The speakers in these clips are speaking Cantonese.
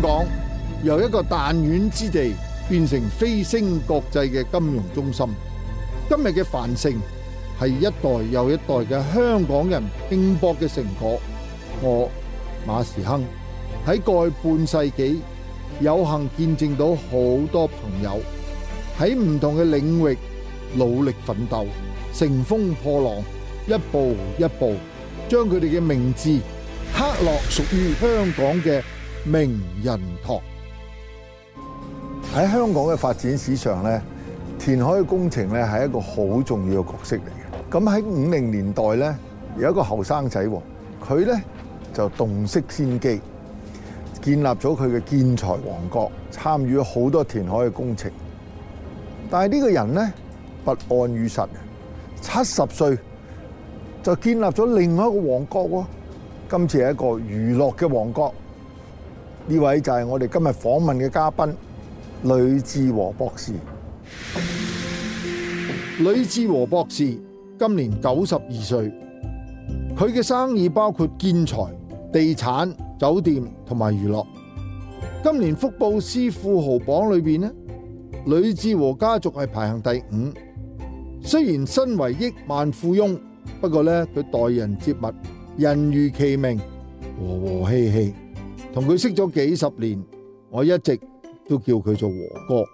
香港由一個彈丸之地變成飛升國際嘅金融中心，今日嘅繁盛係一代又一代嘅香港人拼搏嘅成果。我馬時亨喺過去半世紀，有幸見證到好多朋友喺唔同嘅領域努力奮鬥，乘風破浪，一步一步將佢哋嘅名字刻落屬於香港嘅。名人堂喺香港嘅發展史上咧，填海嘅工程咧係一個好重要嘅角色嚟嘅。咁喺五零年代咧，有一個後生仔，佢咧就洞悉先機，建立咗佢嘅建材王國，參與咗好多填海嘅工程。但係呢個人咧不安於室，七十歲就建立咗另外一個王國。今次係一個娛樂嘅王國。呢位就係我哋今日訪問嘅嘉賓呂志和博士。呂志和博士今年九十二歲，佢嘅生意包括建材、地產、酒店同埋娛樂。今年福布斯富豪榜裏邊呢，呂志和家族係排行第五。雖然身為億萬富翁，不過呢，佢待人接物，人如其名，和和氣氣。同佢識咗幾十年，我一直都叫佢做和哥。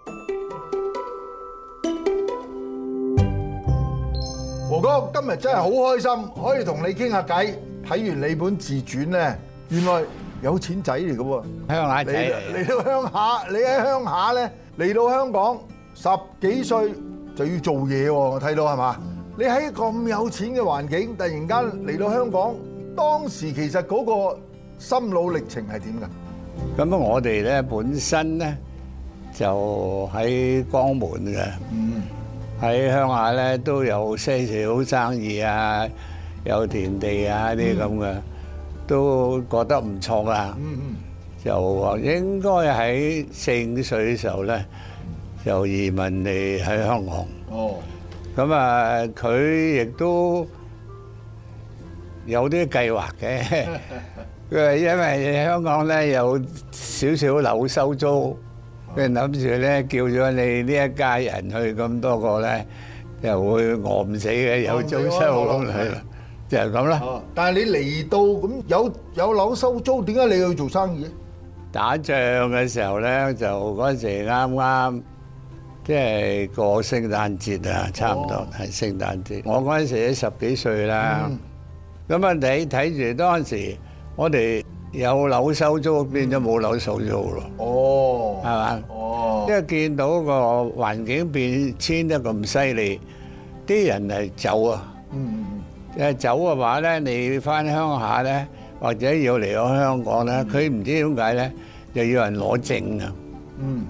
和哥今日真係好開心，可以同你傾下偈。睇完你本自傳咧，原來有錢仔嚟㗎喎。鄉下人仔嚟，嚟到鄉下，你喺鄉下咧，嚟到香港十幾歲就要做嘢喎。我睇到係嘛？你喺一個咁有錢嘅環境，突然間嚟到香港，當時其實嗰個。心路歷程係點噶？咁啊，我哋咧本身咧就喺江門嘅，喺鄉、mm hmm. 下咧都有些少生意啊，有田地啊啲咁嘅，這這 mm hmm. 都覺得唔錯噶。Mm hmm. 就話應該喺四五歲嘅時候咧，就移民嚟喺香港。哦，咁啊，佢亦都有啲計劃嘅。 佢因為香港咧有少少樓收租，佢諗住咧叫咗你呢一家人去咁多個咧，又會餓唔死嘅有租收，係就係咁啦。但係你嚟到咁有有樓收租，點解你要去做生意？打仗嘅時候咧，就嗰陣時啱啱即係過聖誕節啊，差唔多係聖誕節。我嗰陣時都十幾歲啦，咁啊你睇住當時。我哋有樓收租變咗冇樓收租咯，哦，係嘛，哦，因為見到個環境變遷得咁犀利，啲人係走啊，嗯嗯嗯，誒走嘅話咧，你翻鄉下咧，或者要嚟我香港咧，佢唔知點解咧，就要人攞證啊，嗯，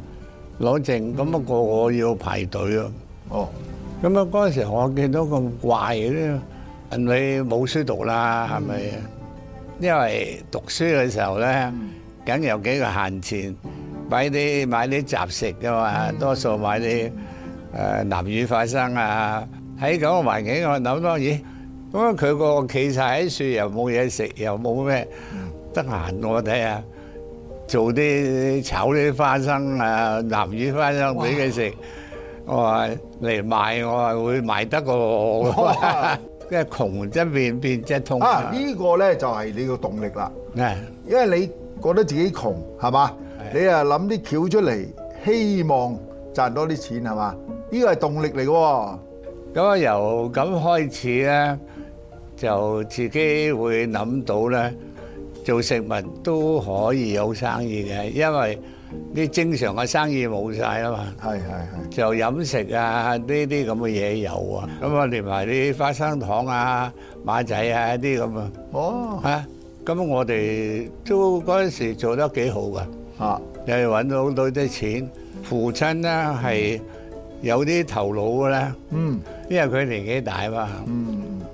攞證，咁不過我要排隊啊，哦，咁啊嗰陣時我見到咁怪咧，人哋冇書讀啦？係咪？因為讀書嘅時候咧，梗有幾個閒錢，買啲買啲雜食㗎嘛，多數買啲誒南乳花生啊。喺咁嘅環境，我諗當然，咁佢個企曬喺樹又冇嘢食，又冇咩得閒，我睇下做啲炒啲花生啊南乳花生俾佢食。我話嚟賣，我話會賣得個。因為窮即變變即通。便便啊！呢、這個咧就係你個動力啦。誒的，因為你覺得自己窮係嘛，的你啊諗啲橋出嚟，希望賺多啲錢係嘛？呢個係動力嚟喎。咁啊、嗯，由咁開始咧，就自己會諗到咧，做食物都可以有生意嘅，因為。啲正常嘅生意冇晒啊嘛，係係係，就飲食啊呢啲咁嘅嘢有啊，咁啊連埋啲花生糖啊、馬仔啊啲咁、哦、啊，哦嚇，咁我哋都嗰陣時做得幾好噶，啊，又揾到好多啲錢，父親咧係有啲頭腦嘅咧，嗯，因為佢年紀大啊嘛。嗯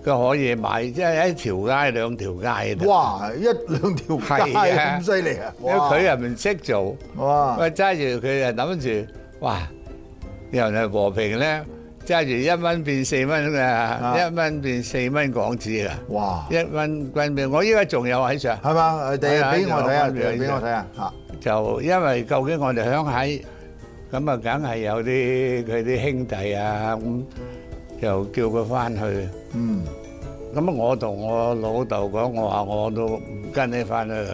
佢可以買，即係一條街兩條街啊！哇，一兩條街咁犀利啊！佢又唔識做，哇！揸住佢又諗住，哇！又係和平咧，揸住一蚊變四蚊啊！一蚊變四蚊港紙啊！哇！一蚊一蚊變，我依家仲有喺上。係嘛？俾俾我睇下，俾我睇下啊！就因為究竟我哋鄉喺咁啊，梗係有啲佢啲兄弟啊咁。就叫佢翻去。嗯。咁啊，我同我老豆講，我話我都唔跟你翻去。啊、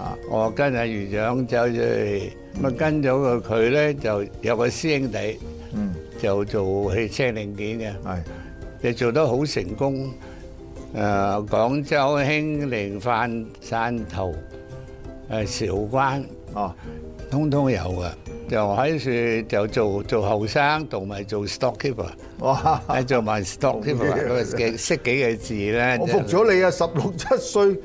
嗯，我跟阿余長走咁啊，跟咗個佢咧就有個師兄弟。嗯。就做汽車零件嘅。係、嗯。佢做得好成功。誒、呃，廣州興寧翻汕頭，誒、呃、韶關，哦，通通有噶。就喺處就做做後生，同埋做 stockkeeper，哇！做埋 stockkeeper，識幾個字咧。我服咗你啊，十六七歲，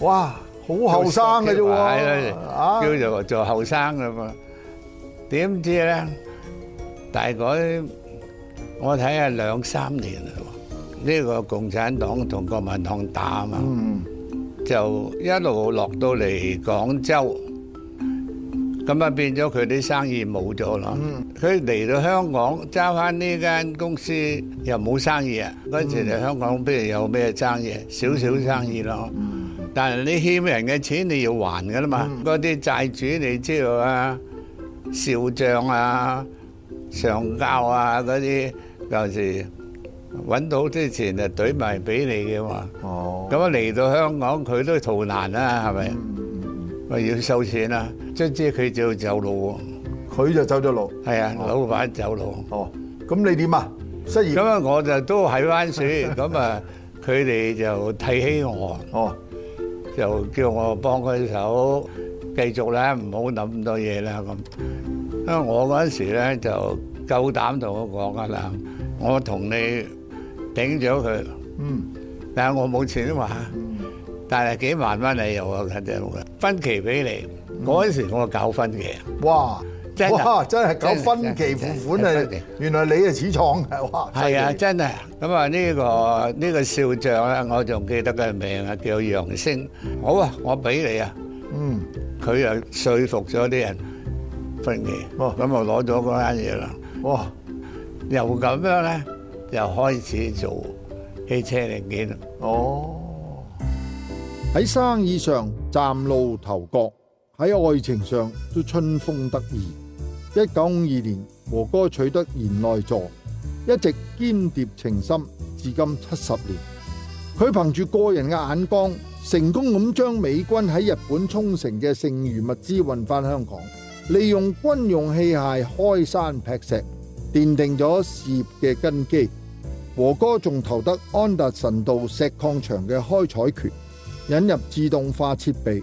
哇，好後生嘅啫喎，叫做做後生咁嘛！點知咧？大概，我睇下兩三年啦，呢個共產黨同國民黨打啊嘛，就一路落到嚟廣州。咁啊，變咗佢啲生意冇咗咯。佢嚟到香港，揸翻呢間公司又冇生意啊。嗰陣時嚟香港邊有咩生意？少少生意咯。但係你欠人嘅錢，你要還㗎啦嘛。嗰啲債主，你知道啊，少將啊、上交啊嗰啲，舊時揾到啲錢就懟埋俾你嘅嘛。哦，咁啊嚟到香港，佢都逃難啦，係咪？咪要收錢啦，即係即係佢就要走路喎，佢就走咗路，係啊，老闆走路，哦，咁你點啊？失業咁樣，我就都喺番船，咁啊，佢哋就睇起我，哦，就叫我幫佢手，繼續咧，唔好諗咁多嘢啦咁。因為我嗰陣時咧就夠膽同佢講啊啦，我同你頂咗佢，嗯，但係我冇錢話。但係幾萬蚊你又我睇真分期俾你，嗰、嗯、時我搞分期，哇！哇！真係搞分期付款啊！原來你係始創嘅哇！係啊，真啊！咁啊、這個，呢個呢個少將咧，我仲記得佢名啊，叫楊星。好啊，我俾你啊，嗯，佢又說服咗啲人分期，咁啊攞咗嗰間嘢啦。哇、哦！又咁樣咧，又開始做汽車零件。哦。喺生意上嶄露頭角，喺愛情上都春風得意。一九五二年，和哥取得賢內助，一直鶼鰈情深，至今七十年。佢憑住個人嘅眼光，成功咁將美軍喺日本沖繩嘅剩餘物資運翻香港，利用軍用器械開山劈石，奠定咗事業嘅根基。和哥仲投得安達臣道石礦場嘅開採權。引入自動化設備，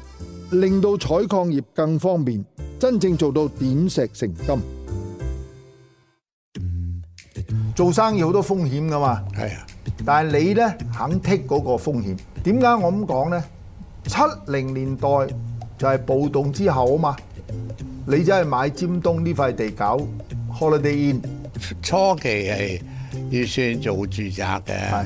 令到採礦業更方便，真正做到點石成金。做生意好多風險噶嘛，係啊，但係你咧肯剔嗰個風險。點解我咁講咧？七零年代就係暴動之後啊嘛，你即係買尖東呢塊地搞 Holiday Inn，初期係預算做住宅嘅。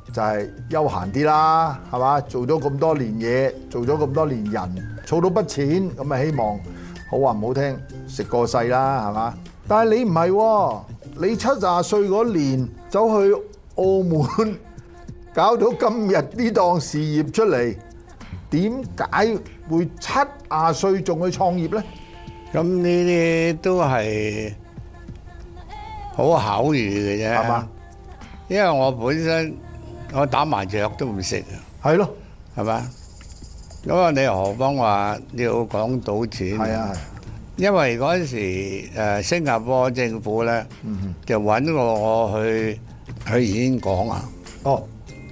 就係休閒啲啦，係嘛？做咗咁多年嘢，做咗咁多年人，儲到筆錢，咁啊希望好話唔好聽，食個世啦，係嘛？但係你唔係喎，你七十歲嗰年走去澳門搞到今日呢檔事業出嚟，點解會七十歲仲去創業呢？咁呢啲都係好巧遇嘅啫，係嘛？因為我本身。我打麻雀都唔識，係咯，係嘛？因為你何方話要講賭錢，係啊，因為嗰陣時誒新加坡政府咧，就揾過我去，佢已經講啊，哦，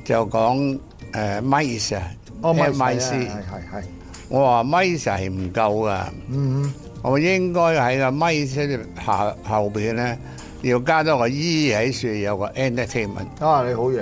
就講誒 MICE，哦 MICE，係係係，我話 MICE 係唔夠噶，嗯嗯，我應該喺個 MICE 下後邊咧，要加多個 E 喺處，有個 Entertainment。啊，你好弱。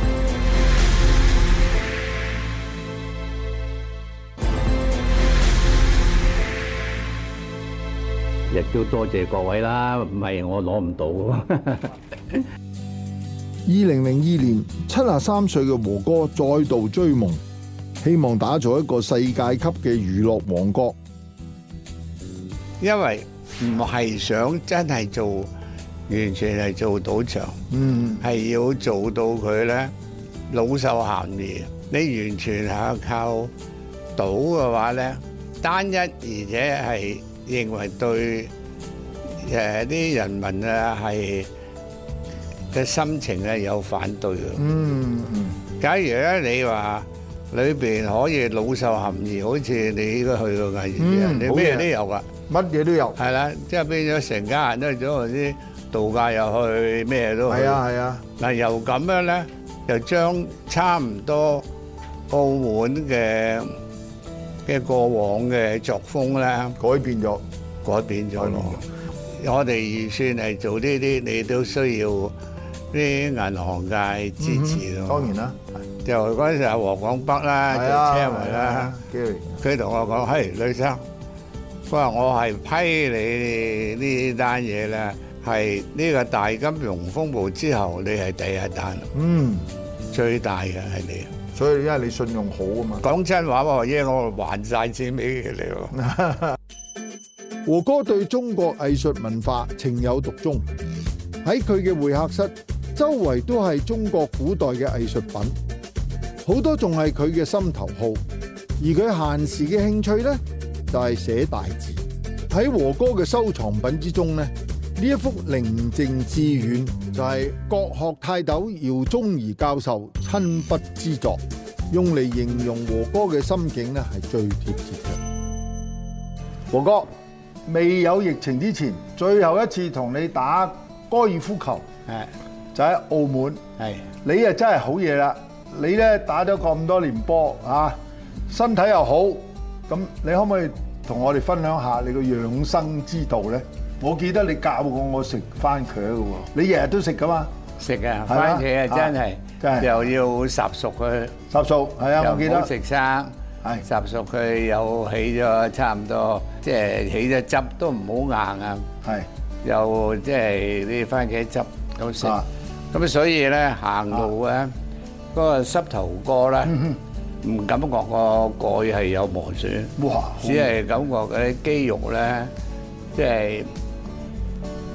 亦都多謝各位啦，唔係我攞唔到。二零零二年，七十三歲嘅和哥再度追夢，希望打造一個世界級嘅娛樂王國。因為唔係想真係做，完全係做賭場，嗯，係要做到佢呢老少咸宜。你完全係靠賭嘅話呢，單一而且係。認為對誒啲人民啊係嘅心情咧有反對嘅。嗯嗯。假如咧，你話裏邊可以老少咸宜，好似你應該去過藝人，你咩嘢都有㗎，乜嘢都有。係啦，即係變咗成家人都去咗啲度假，又去咩嘢都。係啊係啊。嗱，又咁樣咧，又將差唔多澳門嘅嘅過往嘅作風咧，改變咗，改變咗咯。我哋預算係做呢啲，你都需要啲銀行界支持咯。當然啦，就嗰陣時阿黃廣北啦，就車維啦，佢同我講：嘿，呂生，佢話我係批你呢單嘢咧，係呢個大金融風暴之後，你係第一單，嗯，最大嘅係你。所以因為你信用好啊嘛，講真話喎，耶我，我還晒錢俾你。和哥對中國藝術文化情有獨鍾，喺佢嘅會客室周圍都係中國古代嘅藝術品，好多仲係佢嘅心頭好。而佢閒時嘅興趣咧，就係、是、寫大字。喺和哥嘅收藏品之中咧，呢一幅《寧靜致遠》。就係國學泰斗饒宗頤教授親筆之作，用嚟形容和哥嘅心境咧係最貼切嘅。和哥，未有疫情之前，最後一次同你打高爾夫球，係的就喺澳門。係的你啊真係好嘢啦！你咧打咗咁多年波啊，身體又好，咁你可唔可以同我哋分享下你嘅養生之道咧？我記得你教過我食番茄嘅喎，你日日都食噶嘛？食啊，番茄啊真係，又要烚熟佢。烚熟。係啊，我記得。唔好食生。係。烚熟佢又起咗差唔多，即係起咗汁都唔好硬啊。係。又即係啲番茄汁咁食。咁啊，所以咧行路咧，嗰個膝頭哥咧，唔感覺個蓋係有磨損。哇！只係感覺嗰啲肌肉咧，即係。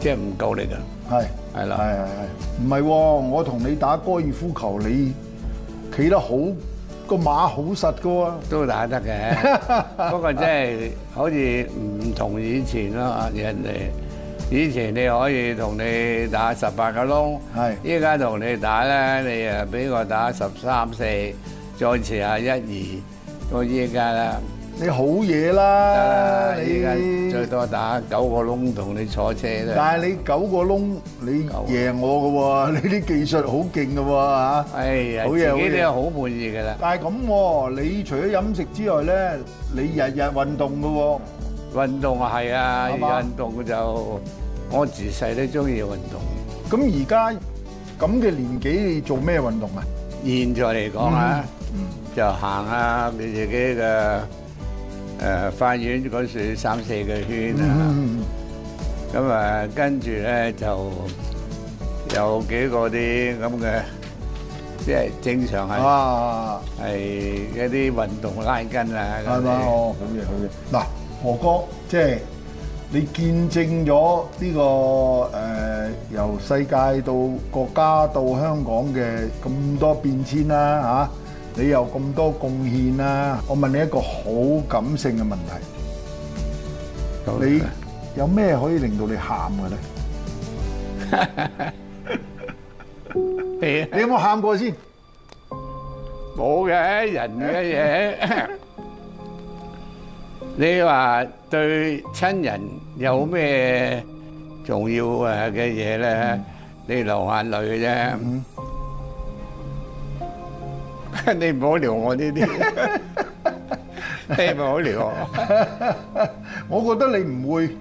即係唔夠力噶，係係啦，係係係，唔係，我同你打高爾夫球，你企得好個馬好實噶，都打得嘅，不過真係好似唔同以前咯，人哋以前你可以同你打十八個窿，係，依家同你打咧，你啊俾我打十三四，再遲下一二，到依家咧。你好嘢啦！依家最多打九個窿同你坐車啦。但係你九個窿，你贏我嘅喎，你啲技術好勁嘅喎嚇。哎呀，好嘢好嘢，自己都好滿意嘅啦。但係咁，你除咗飲食之外咧，你日日運動嘅喎。運動啊，係啊，運動就我自細都中意運動。咁而家咁嘅年紀，你做咩運動啊？現在嚟講啊，就行呀你自己嘅。誒法院嗰時三四個圈啊，咁啊跟住咧就有幾個啲咁嘅，即係正常係，係、啊啊、一啲運動拉筋啊，係嘛？哦，好嘅，好嘅。嗱，和哥，即、就、係、是、你見證咗呢、這個誒、呃，由世界到國家到香港嘅咁多變遷啦，嚇、啊。你有咁多貢獻啦！我問你一個好感性嘅問題，你有咩可以令到你喊嘅咧？你有冇喊過先？冇嘅人嘅嘢。你話對親人有咩重要嘅嘢咧？你流下淚嘅啫。你唔好撩我呢啲，你唔好撩我。我覺得你唔會，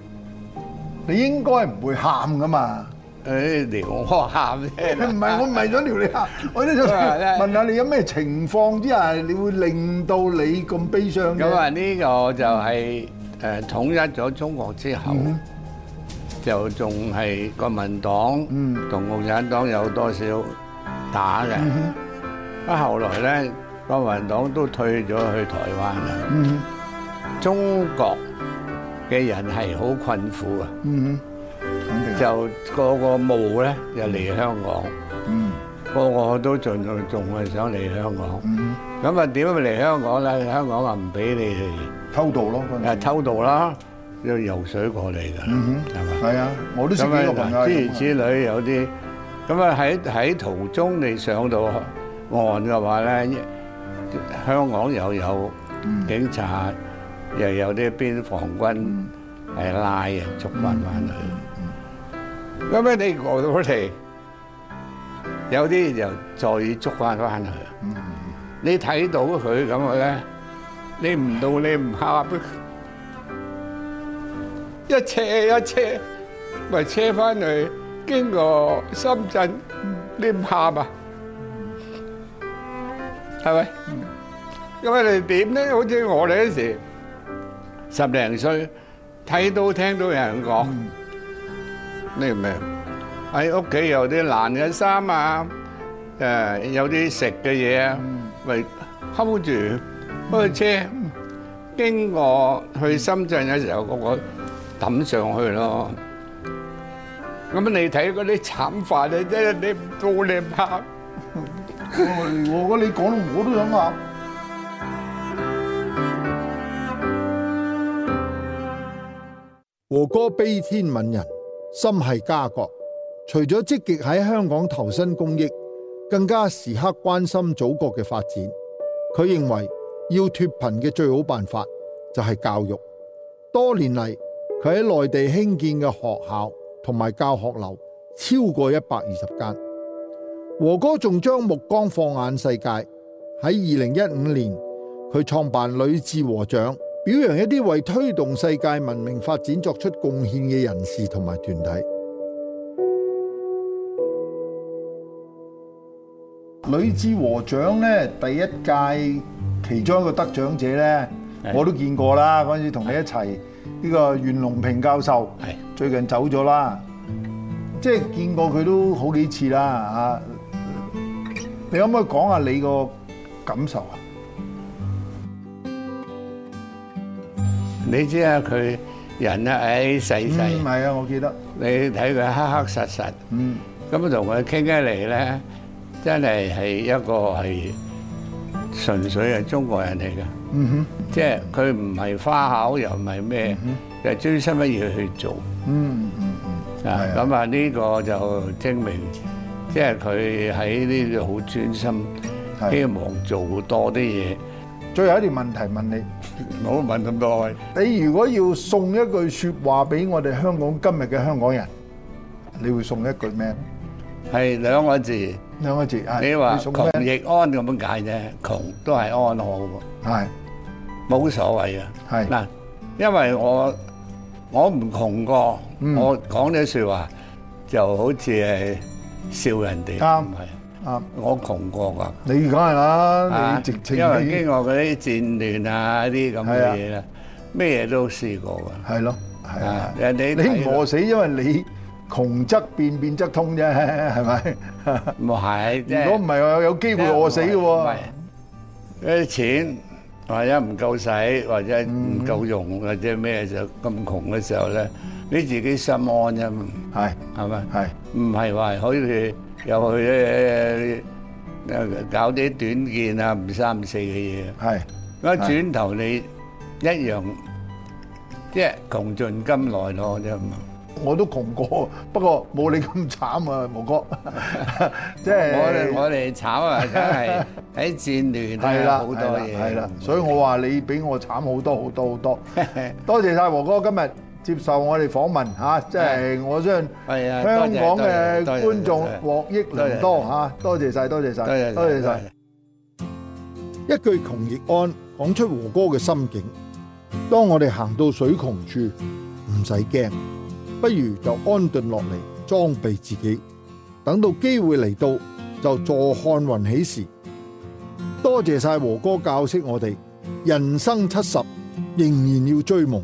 你應該唔會喊㗎嘛。誒，撩我喊啫。唔係，我唔係想撩你喊，我咧就問下你有咩情況之下，你會令到你咁悲傷嘅。咁啊，呢個就係誒統一咗中國之後，就仲係國民黨同共產黨有多少打嘅？啊！後來咧，國民黨都退咗去台灣啦。嗯，中國嘅人係好困苦啊。嗯，就個個冇咧，又嚟香港。嗯，個個都盡量仲係想嚟香港。咁啊點啊嚟香港咧？香港話唔俾你哋偷渡咯。誒，偷渡啦，要游水過嚟噶。嗯哼，係嘛？係啊，我都識幾個朋友，諸如此類有啲，咁啊喺喺途中你上到。岸嘅話咧，香港又有警察、嗯、又有啲邊防軍係拉人捉翻翻去，咁樣、嗯嗯嗯嗯、你過到佢哋有啲就再捉翻翻去，嗯嗯、你睇到佢咁嘅咧，你唔到你唔怕？一車一車咪車翻去，經過深圳你唔怕嘛。係咪？因為你點咧？好似我哋嗰時十零歲，睇到聽到有人講，咩咩？喺屋企有啲爛嘅衫啊，誒有啲食嘅嘢啊，咪 hold 住嗰個車，經過去深圳嘅時候，個個抌上去咯。咁你睇嗰啲慘法咧，真係啲唔多咧嘛～我我你講我都想學。和哥悲天憫人，心繫家國。除咗積極喺香港投身公益，更加時刻關心祖國嘅發展。佢認為要脫貧嘅最好辦法就係教育。多年嚟，佢喺內地興建嘅學校同埋教學樓超過一百二十間。和哥仲將目光放眼世界。喺二零一五年，佢創辦呂志和獎，表揚一啲為推動世界文明發展作出貢獻嘅人士同埋團體。呂志和獎呢，第一屆其中一個得獎者呢，的我都見過啦。嗰陣時同你一齊呢，這個袁隆平教授，係的最近走咗啦，即係見過佢都好幾次啦，啊！你可唔可以講下你個感受啊？你知啊，佢人啊，矮細細。唔係啊，我記得。你睇佢黑黑實實。嗯。咁啊，同佢傾起嚟咧，真係係一個係純粹係中國人嚟㗎。嗯哼。即係佢唔係花巧，又唔係咩，就係專心乜嘢去做。嗯嗯嗯。啊，咁啊，呢個就證明。因為佢喺呢度好專心，希望做多啲嘢的。最後一條問題問你，唔好問咁多位。你如果要送一句説話俾我哋香港今日嘅香港人，你會送一句咩咧？係兩個字，兩個字。你話說窮亦安咁樣解啫，窮都係安好喎。係冇的所謂啊。係嗱的，因為我我唔窮過，嗯、我講啲説話就好似係。笑人哋啱唔係，啱我窮過㗎。你梗係啦，因為經過嗰啲戰亂啊，啲咁嘅嘢咧，咩嘢都試過㗎。係咯，係啊，人哋你唔餓死，因為你窮則變，變則通啫，係咪？唔係，如果唔係話有機會餓死嘅喎，啲錢或者唔夠使，或者唔夠用，或者咩就咁窮嘅時候咧。你自己心安啫嘛，係係咪？係唔係話可以又去誒誒搞啲短見啊、唔三唔四嘅嘢？係，一轉頭你一樣即係窮盡甘來攞啫嘛。我都窮過，不過冇你咁慘啊，無哥。即係我哋我哋慘啊，梗係喺戰亂啊，好多嘢。係啦，所以我話你比我慘好多好多好多。多謝曬無哥今日。接受我哋訪問吓，即係我相信香港嘅觀眾獲益良多吓，多謝晒，多謝晒，多謝晒。一句窮亦安，講出和哥嘅心境。當我哋行到水窮處，唔使驚，不如就安頓落嚟，裝備自己，等到機會嚟到，就坐看雲起時。多謝晒和哥教識我哋，人生七十，仍然要追夢。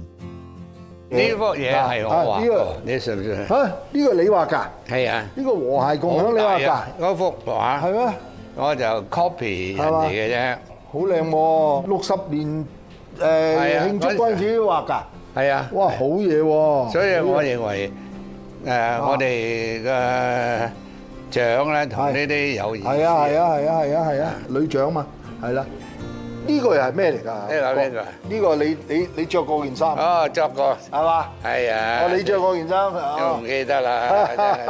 呢幅嘢係我畫，你信唔信？啊，呢個你畫噶，係啊，呢個和諧共享你畫噶，嗰幅畫係咩？我就 copy 人哋嘅啫，好靚，六十年誒慶祝君子畫噶，係啊，哇，好嘢，所以我認為誒，我哋嘅獎咧同呢啲友誼，係啊係啊係啊係啊係啊，女獎嘛，係啦。呢個又係咩嚟㗎？呢個，呢個你你你着過件衫？哦，着過，係嘛吧？係啊。你着過件衫？我唔記得啦。